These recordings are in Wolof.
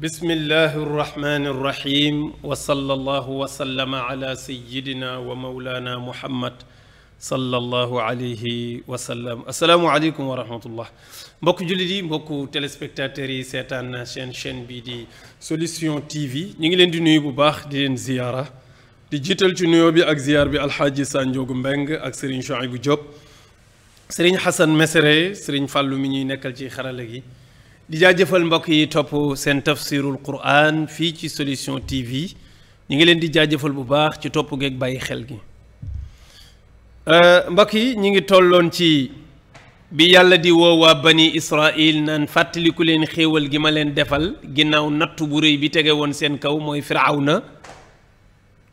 bismillahi rrahmani rrahim wa sallallahu wa sallama ala sayidina wa maulana muhammad sallallahu alayhi wa sallam asalaamualeykum wa rahmatullah mbokk jullit yi mbokku téléspectateurs yi seetaan na seen chaîne bii di solution tv ñu ngi leen di nuyu bu baax di leen ziyaara di jiital ci nuyo bi ak ziyaar bi alxaaji Sanjoogu Mbeng ak sëriñ bu Diop sëriñ Xasan Mesere sëriñ Fàllu mi ñuy nekkal ci xarala gi di jaajëfal mbokk yi topp seen tafsirul quran fii ci solution tv ñu ngi leen di jaajëfal bu baax ci topp geeg bàyyi xel gi euh, mbokk yi ñu ngi tolloon ci bi yàlla di woo waa bani israil naan fàttaliku leen xéewal gi ma leen defal ginnaaw nattu bu réy bi tege woon seen kaw mooy na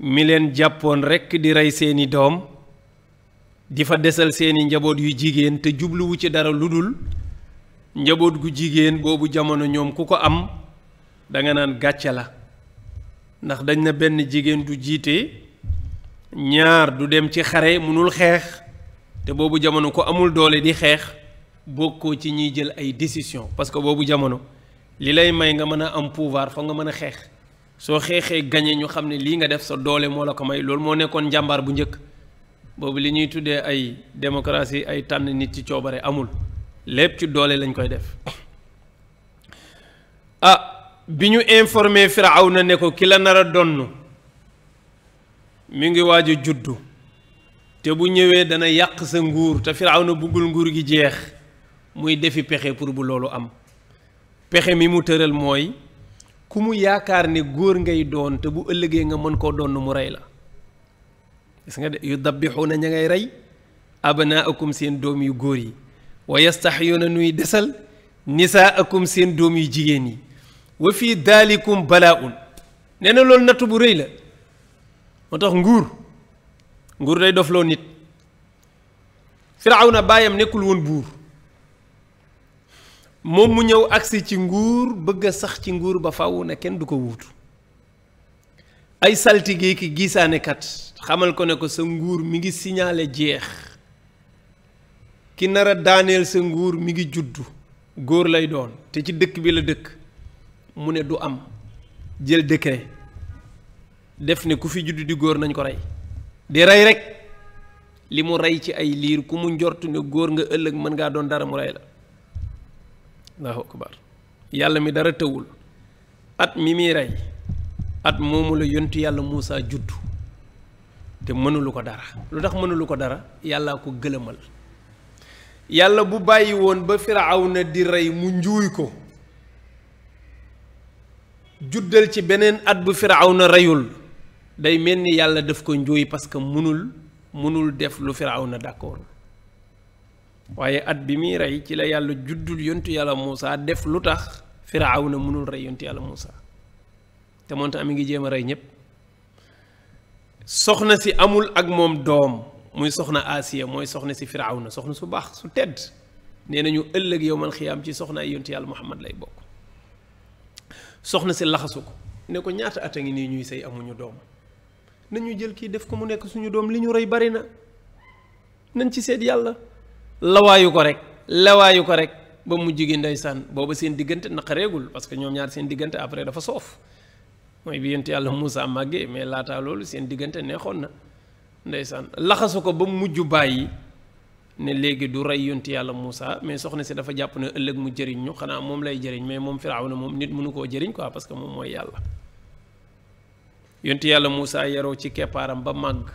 mi leen jàppoon rekk di rey seeni doom di fa desal seeni njaboot yu jigéen te jubluwu ci dara lu dul njaboot gu jigéen boobu jamono ñoom ku ko am danga naan gàcce la ndax dañ na benn jigéen du jiite ñaar du dem ci xare mënul xeex te boobu jamono ku amul doole di xeex bokkoo ci ñiy jël ay décision parce que boobu jamono li lay may nga mën a am pouvoir fa nga mën a xeex soo xeexee gañe ñu xam ne lii nga def sa doole moo la ko may loolu moo nekkoon njàmbaar bu njëkk boobu li ñuy tuddee ay démocratie ay tànn nit ci coobare amul lépp ci doole lañ koy def ah bi ñu informé na ne ko ki la nar a donn mu ngi waaj a juddu te bu ñëwee dana yàq sa nguur te Firawna buggul nguur gi jeex muy defi pexe pour bu loolu am pexe mi mu tëral mooy ku mu yaakaar ne góor ngay doon te bu ëllëgee nga mën koo donn mu rey la gis nga de yu dabbi dabbixuuna ña ngay rey abanaakum seen doom yu góor yi tax yoon yastaxyuuna nuy desal nisaakum seen doom yu jigéen yi wa fii daalikum balaaun nee na loolu natt bu rëy la moo tax nguur nguur day dof loo nit firawna baayam nekkul woon buur moom mu ñëw agsi ci nguur bëgg a sax ci nguur ba faw na kenn du ko wuutu ay saltige ki gisaanekat xamal ko ne ko sa nguur mi ngi signalé jeex ki nara a daaneel sa nguur mi ngi juddu góor lay doon te ci dëkk bi la dëkk mu ne du am jël décret def ne ku fi juddu di góor nañ ko rey di rey rek li mu rey ci ay liir ku mu njort ne góor nga ëllëg mën ngaa doon dara mu rey la allahu yàlla mi dara tëwul at mi muy rey at moomu la yontu yàlla Muusaa juddu te mënulu ko dara lu tax mënulu ko dara yàllaa ko gëlëmal yàlla bu bàyyi woon ba na di rey mu njuuy ko juddal ci beneen at bu na reyul day mel ni yàlla daf ko njuuy parce que mënul munul def lu firawna d'accord waaye at bi muy rey ci la yàlla juddul yontu yàlla Muusa def lu tax na mënul rey yontu yàlla Muusa te moonte am ngi jéem a rey ñépp soxna si amul ak moom doom muy soxna Asiya mooy soxna si na soxna su baax su tedd nee nañu ëllëg yow man xiyaam ci soxna ay yonti yàlla Muhammad lay bokk si laxasu ko ne ko at a ngi nii ñuy sëy amuñu doom nañu jël kii def ko mu nekk suñu doom li ñu rey bari na nañ ci seet yàlla lawaayu ko rek lawaayu ko rek ba mu jigi ndeysaan booba seen diggante naqareegul parce que ñoom ñaar seen diggante après dafa soof mooy bi yonti yàlla Moussa màggee mais laataa loolu seen diggante neexoon na ndeysaan laxasu ko ba mu mujj bàyyi ne léegi du rey yonti yàlla Moussa mais soxna si dafa jàpp ne ëllëg mu jëriñ ñu xanaa moom lay jëriñ mais moom firaaw ne moom nit munu koo jëriñ quoi parce que moom mooy yàlla yonti yàlla Moussa yaroo ci keppaaram ba màgg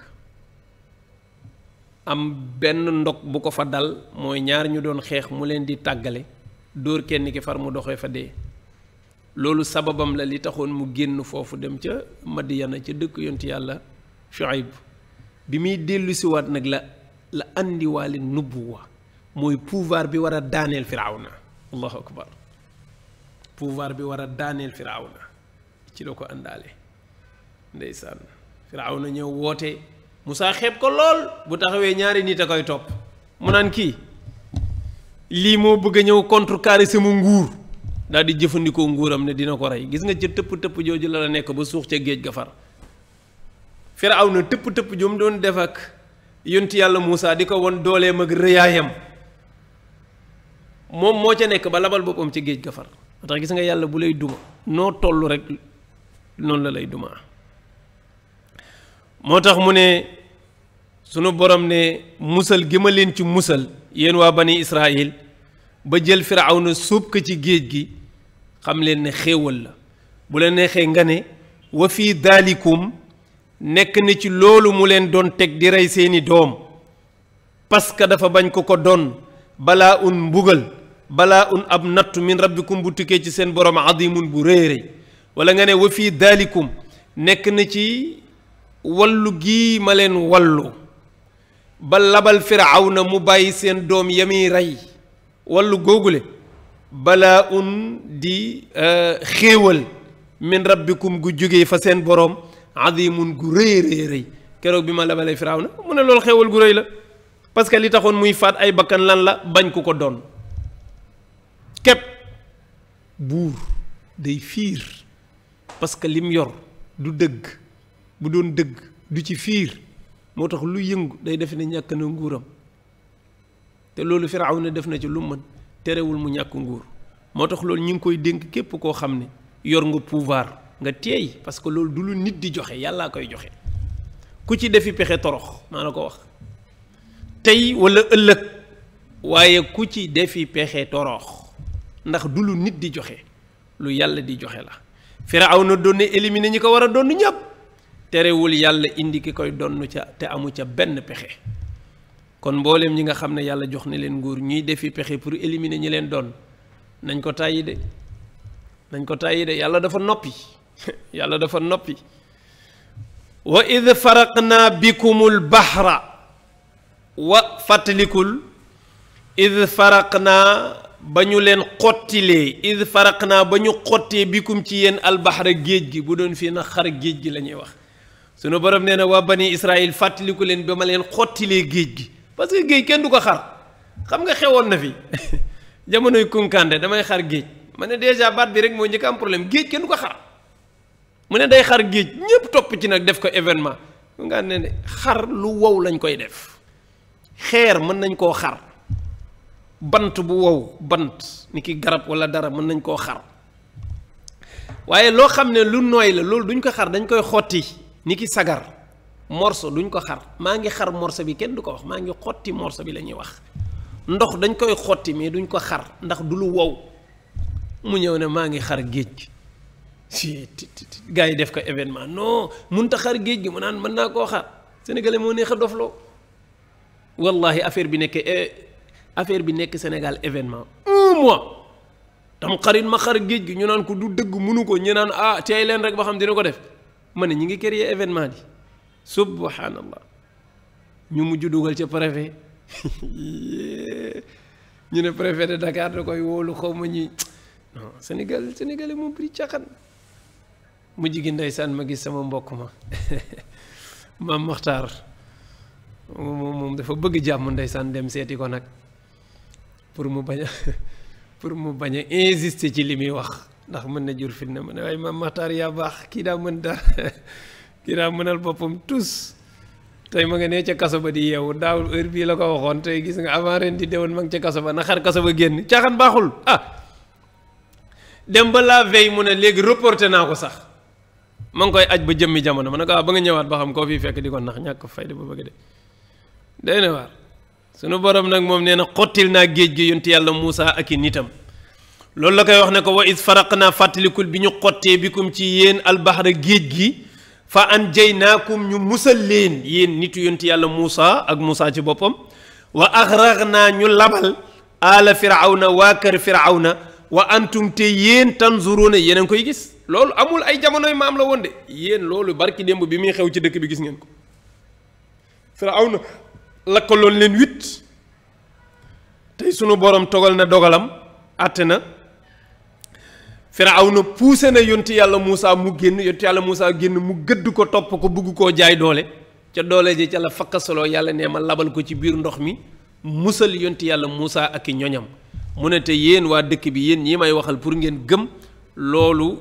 am benn ndog bu ko fa dal mooy ñaar ñu doon xeex mu leen di tàggale dóor kenn ki far mu doxee fa dee loolu sababam la li taxoon mu génn foofu dem ca Madiyana ca dëkk yonti yàlla Shuayb bi muy dellusiwaat nag la la andiwaale nubuwa mooy pouvoir bi war a daaneel firawna allahu akbar pouvoir bi war a daaneel firawna ci la ko àndaale ndeysaan firawna ñëw woote musaa xeeb ko lool bu taxawee ñaari nit a koy topp mu naan kii lii moo bëgg a ñëw contrecarrer sama nguur daal di jëfandikoo nguuram ne dina ko rey gis nga ca tëpp tëpp jooju la la nekk ba suux ca géej ga far Firawna tëpp-tëpp ju mu doon def ak yonti yàlla Moussa di ko won dooleem ak rëyaayam moom moo ca nekk ba labal boppam ci géej gafar moo tax gis nga yàlla bu lay duma noo toll rek noonu la lay duma moo tax mu ne sunu borom ne musal gi ma leen ci musal yéen waa bani Israël ba jël Firawna suub ko ci géej gi xam leen ne xéewal la bu la neexee nga ne wa daalikum nekk na ci loolu mu leen doon teg di rey seeni doom parce que dafa bañ ko ko doon balaa un mbugal balaa un ab nattu min rabbikum bu tukkee ci seen borom adimun bu rëy rëy wala nga ne wa fii daalikum nekk na ci wallu gi ma leen wallu ba labal na mu bàyyi seen doom yami rey wallu googule balaa un di euh, xéewal min rabbikum gu jógee fa seen boroom adimun gu rëy rëy rëy keroog bi ma lebalee firaaw na mu ne loolu xewal gu rëy la parce que li taxoon muy faat ay bakkan lan la bañ ku ko doon képp buur day fiir parce que lim yor du dëgg bu doon dëgg du ci fiir moo tax lu yëngu day defe ne ñàkk na nguuram te loolu firaaw na def na ci lu mën terewul mu ñàkk nguur moo tax loolu ñu ngi koy dénk képp koo xam ne yor nga pouvoir nga teey parce que loolu du lu nit di joxe yàllaa koy joxe ku ci defi pexe torox maa la ko wax tey walla ëllëg waaye ku ci defi pexe torox ndax du lu nit di joxe lu yàlla di joxe la Firawna doon na éliminer ñi ko war a doon ñëpp terewul yàlla indi ki koy donn ca te amu ca benn pexe kon mboolem ñi nga xam ne yàlla jox na leen nguur ñuy defi pexe pour éliminer ñi leen doon nañ ko tàyyi de nañ ko tàyyi de yàlla dafa noppi yàlla dafa noppi wa id faraqna bikumul bahra wa fàttalikul id faraqna ba ñu leen xottilee id faraqna ba ñu xottee bikum ci yéen albahra géej gi bu doon fii na xar géej gi la ñuy wax sunu borom nee na waa bani israil fàttaliku leen ba ma leen xottilee géej gi parce que géej kenn du ko xar xam nga xewoon na fi jamonoy kunkande damay xar géej ma ne dèjà baat bi rek moo njëkk am problème géej kenn du ko xar mu ne day xar géej ñëpp topp ci nag def ko événement mu nga ne ne xar lu wow lañ koy def xeer mën nañ koo xar bant bu wow bant ni ki garab wala dara mën nañ koo xar waaye loo xam ne lu nooy la loolu duñ ko xar dañ koy xotti ni ki sagar morso duñ ko xar maa ngi xar morso bi kenn du ko wax maa ngi xotti morso bi la ñuy wax ndox dañ koy xotti mais duñ ko xar ndax du lu wow mu ñëw ne maa ngi xar géej si yi def ko événement non mënut a xar géej gi mu naan mën naa koo xar sénégalais moo neex a dofloo wallahi affaire bi nekk eh, affaire bi nekk Sénégal événement un mois tam xarit ma xar géej gi ñu naan ko du dëgg mënu ko ñu naan ah tey leen rek ba xam dina ko def ma ne ñi ngi créer événement bi subhanallah ñu mujj dugal ca préfet ñu ne préfet de Dakar da koy wóolu xaw ma ñi non Sénégal Sénégalais moom bëri caaxaan mujj gi ndeysaan ma gis sama mbokk ma maam Moxtaar moom moom dafa bëgg jàmm ndeysaan dem seeti ko nag pour mu bañ a pour mu bañ a insister ci li muy wax ndax mën na jur fitna ma ne waaye maam Moxtaar yaa baax kii daa mën dara kii daa mënal boppam tous tey ma nga nee ca kaso ba di yeewu daawul heure bii la ko waxoon tey gis nga avant ren di dewoon ma ca kaso ba na xar kaso ba génn caaxaan baaxul ah, dem ba la veille mu ne léegi reporté naa ko sax. ma ngi koy aj ba jëmmi jamono ma ne ko ah, ba nga ñëwaat ba xam koo fii fekk di ko nax ñàkk fayda ba bëgg de day na waar sunu borom nag moom nee na xottil naa géej gi yonti yàlla Moussa ak i nitam loolu la koy wax ne ko wa is faraq naa fàttalikul bi ñu xottee bikum ci yéen albaxra géej gi fa an jay naakum ñu musal leen yéen nitu yonti yàlla Moussa ak Moussa ci boppam wa axraq naa ñu labal aala firawna waa kër firawna wa antum te yéen tanzuruuna yéen a ngi koy gis loolu amul ay jamonoy maam la woon de yéen loolu barki démb bi muy xew ci dëkk bi gis ngeen ko Firawna lakkaloon leen huit tey sunu boroom togal na dogalam àtte na Firawna poussé na yonti yàlla Moussa mu génn yonti yàlla Moussa génn mu gëdd ko topp ko bugg koo jaay doole ca doole ji ca la fakkasaloo yàlla nee ma labal ko ci biir ndox mi musal yonti yàlla muusa ak i ñoñam mu ne te yéen waa dëkk bi yéen ñi may waxal pour ngeen gëm loolu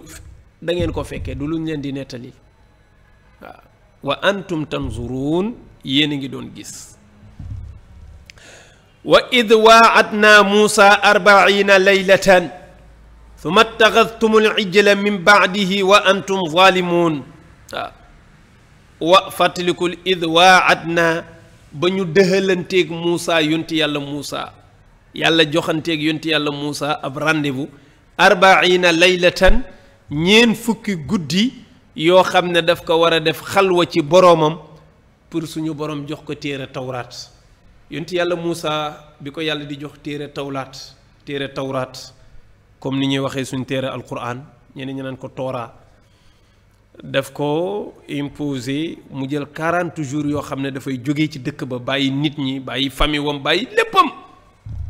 dangeen ko fekkee du luñ leen di nettali waaw wa antum tanzuruun yéen ngi doon gis wa id waacadnaa muusa arbaciina laylatan summa attaxadtum alcijla min bacdihi wa antum zaalimuun waaw wa fàttalikul id waacadnaa ba ñu dëhalanteeg muusa yonti yàlla muusa yàlla joxanteeg yonti yàlla muusa ab rendez-vous arbaciina ñeen fukki guddi yoo xam ne daf ko war a def xalwa ci boroomam pour suñu borom jox ko téere tawraat yonent yàlla Muusa bi ko yàlla di jox téere tawlaat téere tawraat comme ni ñuy waxee suñ téere alquran ñeneen ñi naan ko tooraa daf ko imposé mu jël 40 jours yoo xam ne dafay jóge ci dëkk ba bàyyi nit ñi bàyyi famille wam bàyyi léppam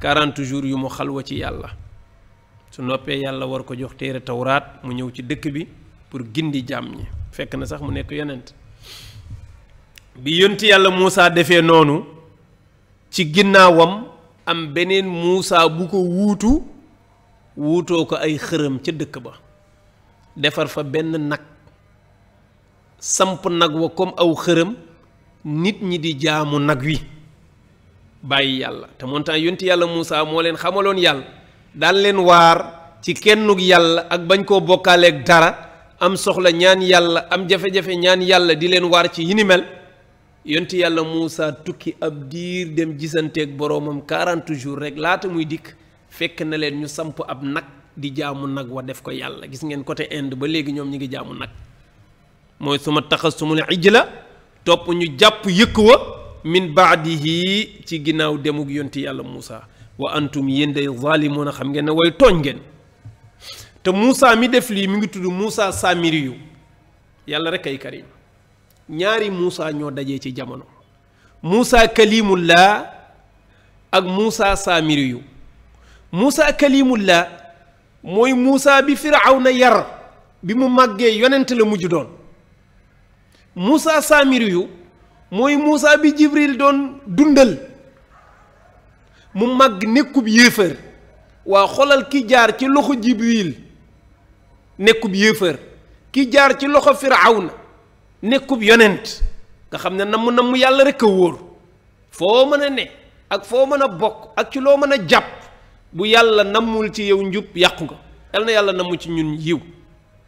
40 jours yu mu xalwa ci yàlla su noppee yàlla war ko jox téere tawraat mu ñëw ci dëkk bi pour gindi jaam ñi fekk na sax mu nekk yonent bi yonti yàlla Muusa defee noonu ci ginnaawam am beneen Muusa bu ko wuutu wuutoo ko ay xërëm ca dëkk ba defar fa benn nag samp nag wa comme aw xërëm nit ñi di jaamu nag wi bàyyi yàlla te moontaan yonti yàlla muusaa moo leen xamaloon yàlla daan leen waar ci kennug yàlla ak bañ koo bokkaaleeg dara am soxla ñaan yàlla am jafe-jafe ñaan yàlla di leen waar ci yi ni mel yonti yàlla Muusa tukki ab diir dem gisanteeg boroomam 40 jours rek laata muy dikk fekk na leen ñu samp ab nag di jaamu nag wa def ko yàlla gis ngeen côté Inde ba léegi ñoom ñi ngi jaamu nag mooy suma taxasumul ijla topp ñu jàpp yëkk wa min baadihi ci ginnaaw demug yonti yàlla Muusa wa antum yéen day zaalimoon a xam ngeen ne way tooñ ngeen te Moussa mi def lii mi ngi tudd Moussa Samiriyu yàlla rek ay karim ñaari Moussa ñoo dajee ci jamono Moussa Kalimullah ak muusa Moussa Samiriyu Moussa laa mooy Moussa bi Firawna yar bi mu màggee yonent la mujj doon Moussa Samiriyu mooy Moussa bi Jibril doon dundal mu màgg nekkub yéefër waa xolal ki jaar ci loxo jibril nekkub yéefër ki jaar ci loxo firawna nekkub yonent nga xam ne namm namm yàlla rek a wóor foo mën a ne ak foo mën a bokk ak ci loo mën a jàpp bu yàlla nammul ci yow njub yàqu nga yàlla na yàlla namm ci ñun yiw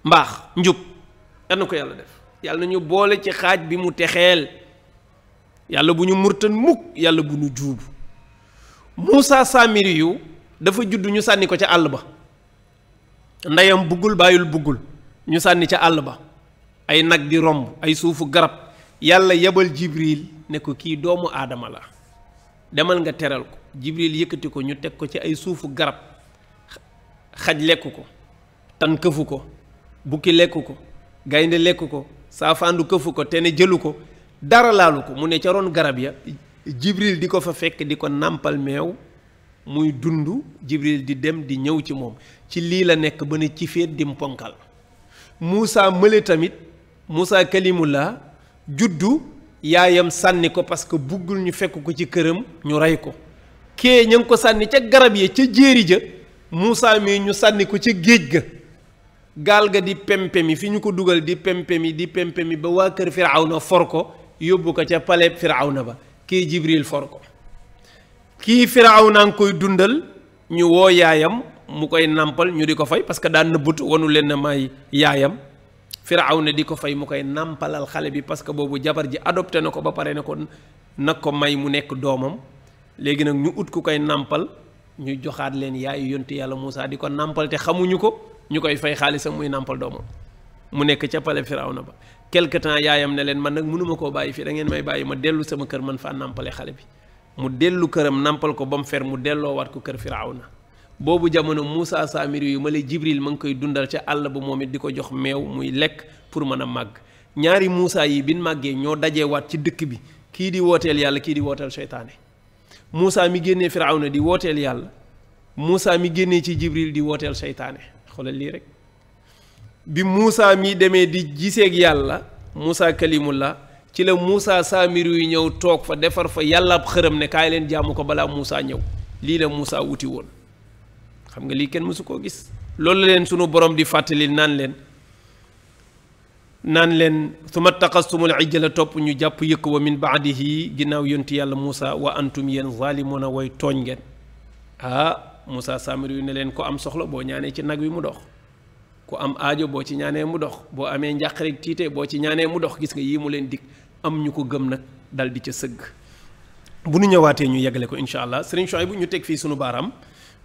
mbaax njub yal ko yàlla def yàlla na ñu boole ci xaaj bi mu texeel yàlla bu ñu murtan mukk yàlla bu ñu juubu Moussa Samiri yu dafa judd ñu sànni ko ca àll ba ndeyam buggul bàyyul buggul ñu sànni ca àll ba ay nag di romb ay suufu garab yàlla yebal Jibril ne ko kii doomu aadama la demal nga teral ko Jibril yëkkati ko ñu teg ko ci ay suufu garab xaj lekk ko tan këfu ko bukki lekk ko gaynde lekk ko saafaandu këfu ko te ne jëlu ko dara laalu ko mu ne ca ron garab ya jibril di ko fa fekk di ko nàmpal meew muy dund jibril di dem di ñëw ci moom ci lii la nekk ba ne ci féet di mponkal Moussa mële tamit Moussa kalimullah juddu yaayam sànni ko parce que buggul ñu fekk ko ci këram ñu rey ko kee ña ngi ko sànni ca garab yi ca jéeri ja Moussa mii ñu sànni ko ca géej ga gaal ga di pempemi fi ñu ko dugal di pempemi di pempemi ba waa kër Firawna for ko yóbbu ko ca palais Firawna ba kii Jibril for ko kii Firaaw naa ngi koy dundal ñu woo yaayam mu koy nàmpal ñu di ko fay parce que daan nëbbut wanu leen ne may yaayam Firaaw na di ko fay mu koy nàmpalal xale bi parce que boobu jabar ji adopté na ko ba pare ne ko nag ko may mu nekk doomam léegi nag ñu ut ku koy nàmpal ñu joxaat leen yaayu yonti yàlla Moussa di ko nàmpal te xamuñu ko ñu koy fay xaalisam muy nàmpal doomam mu nekk ca pale Firaaw na ba quelque temps yaayam ne leen man nag mënuma koo bàyyi fii da ngeen may bàyyi ma dellu sama kër man faa nàmpale xale bi mu dellu këram nàmpal ko ba mu fer mu delloo waat ko kër firaaw na boobu jamono Moussa Samiri yu ma la Jibril ma ngi koy dundal ca àll ba moom it di ko jox meew muy lekk pour mën a màgg ñaari muusa yi bin màggee ñoo dajeewaat ci dëkk bi kii di wooteel yàlla kii di wooteel seytaane muusa mi génnee na di wooteel yàlla Moussa mi génnee ci Jibril di wooteel seytaane xoolal lii rek. bi muusa mii demee di giseeg yàlla Moussa la ci la Moussa saamir yu ñëw toog fa defar fa yàlla ab xërëm ne kaay leen jaamu ko balaa Moussa ñëw lii la muusa wuti woon xam nga lii kenn mësu koo gis loolu leen sunu borom di fàttali naan leen naan leen suma taqastumul a topp ñu jàpp yëkk wa min baadihi ginnaaw yonti yàlla Moussa wa antum yéen a way tooñ ngeen ah Moussa saamiru yu ne leen ko am soxla boo ñaanee ci nag wi mu dox ku am aajo boo ci ñaanee mu dox boo amee njàq rek boo ci ñaanee mu dox gis nga yii mu leen dig am ñu ko gëm nag daldi ca sëgg bu nu ñëwaatee ñu yeggale ko incha allah sëriñ bu ñu teg fii sunu baaraam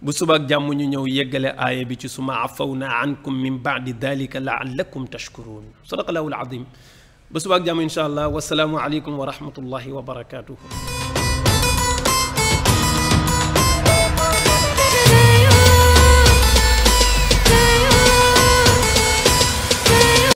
bu subaak jàmm ñu ñëw yeggale aaya bi ci suma afawna ankum min baadi dalika laallakum tashkurun sadaqallahu alazim ba subaak jàmm incha wa wasalaamu aleykum wa rahmatullahi wa barakatuhu